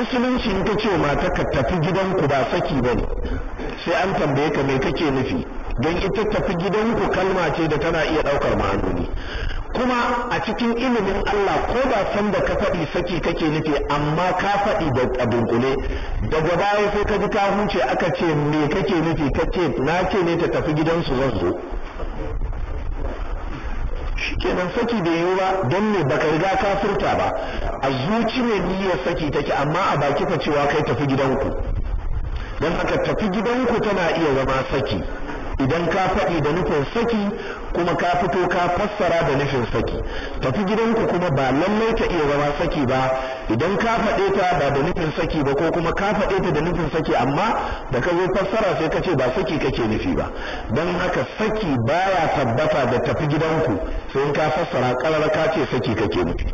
musulunci in ka ce mata ka tafi gidanku ba saki ba ne sai an tambaye ka me kake nufi don ita tafi gidanku kalma ce da tana iya ɗaukar ma'anoni kuma a cikin ilimin Allah ko ba san da ka faɗi saki kake nufi amma ka faɗi da dunkule daga baya sai ka ji ka huce aka ce me kake nufi kake na ce ne ta tafi gidansu zan zo kenan saki bai yi ba don me baka riga ka furta ba a zuci ne niyyar saki take amma a baki ka cewa kai tafi gidanku don haka tafi gidanku tana iya zama saki idan ka faɗi da nufin saki kuma ka fito ka fassara da nufin saki tafi gidanku kuma ba lallai ta iya zama saki ba idan ka faɗe ta ba da nufin saki ba ko kuma ka faɗe ta da nufin saki amma da ka zo fassara sai ka ce ba saki kake nufi ba don haka saki baya tabbata da tafi gidanku sai in ka fassara karar ka ce saki kake nufi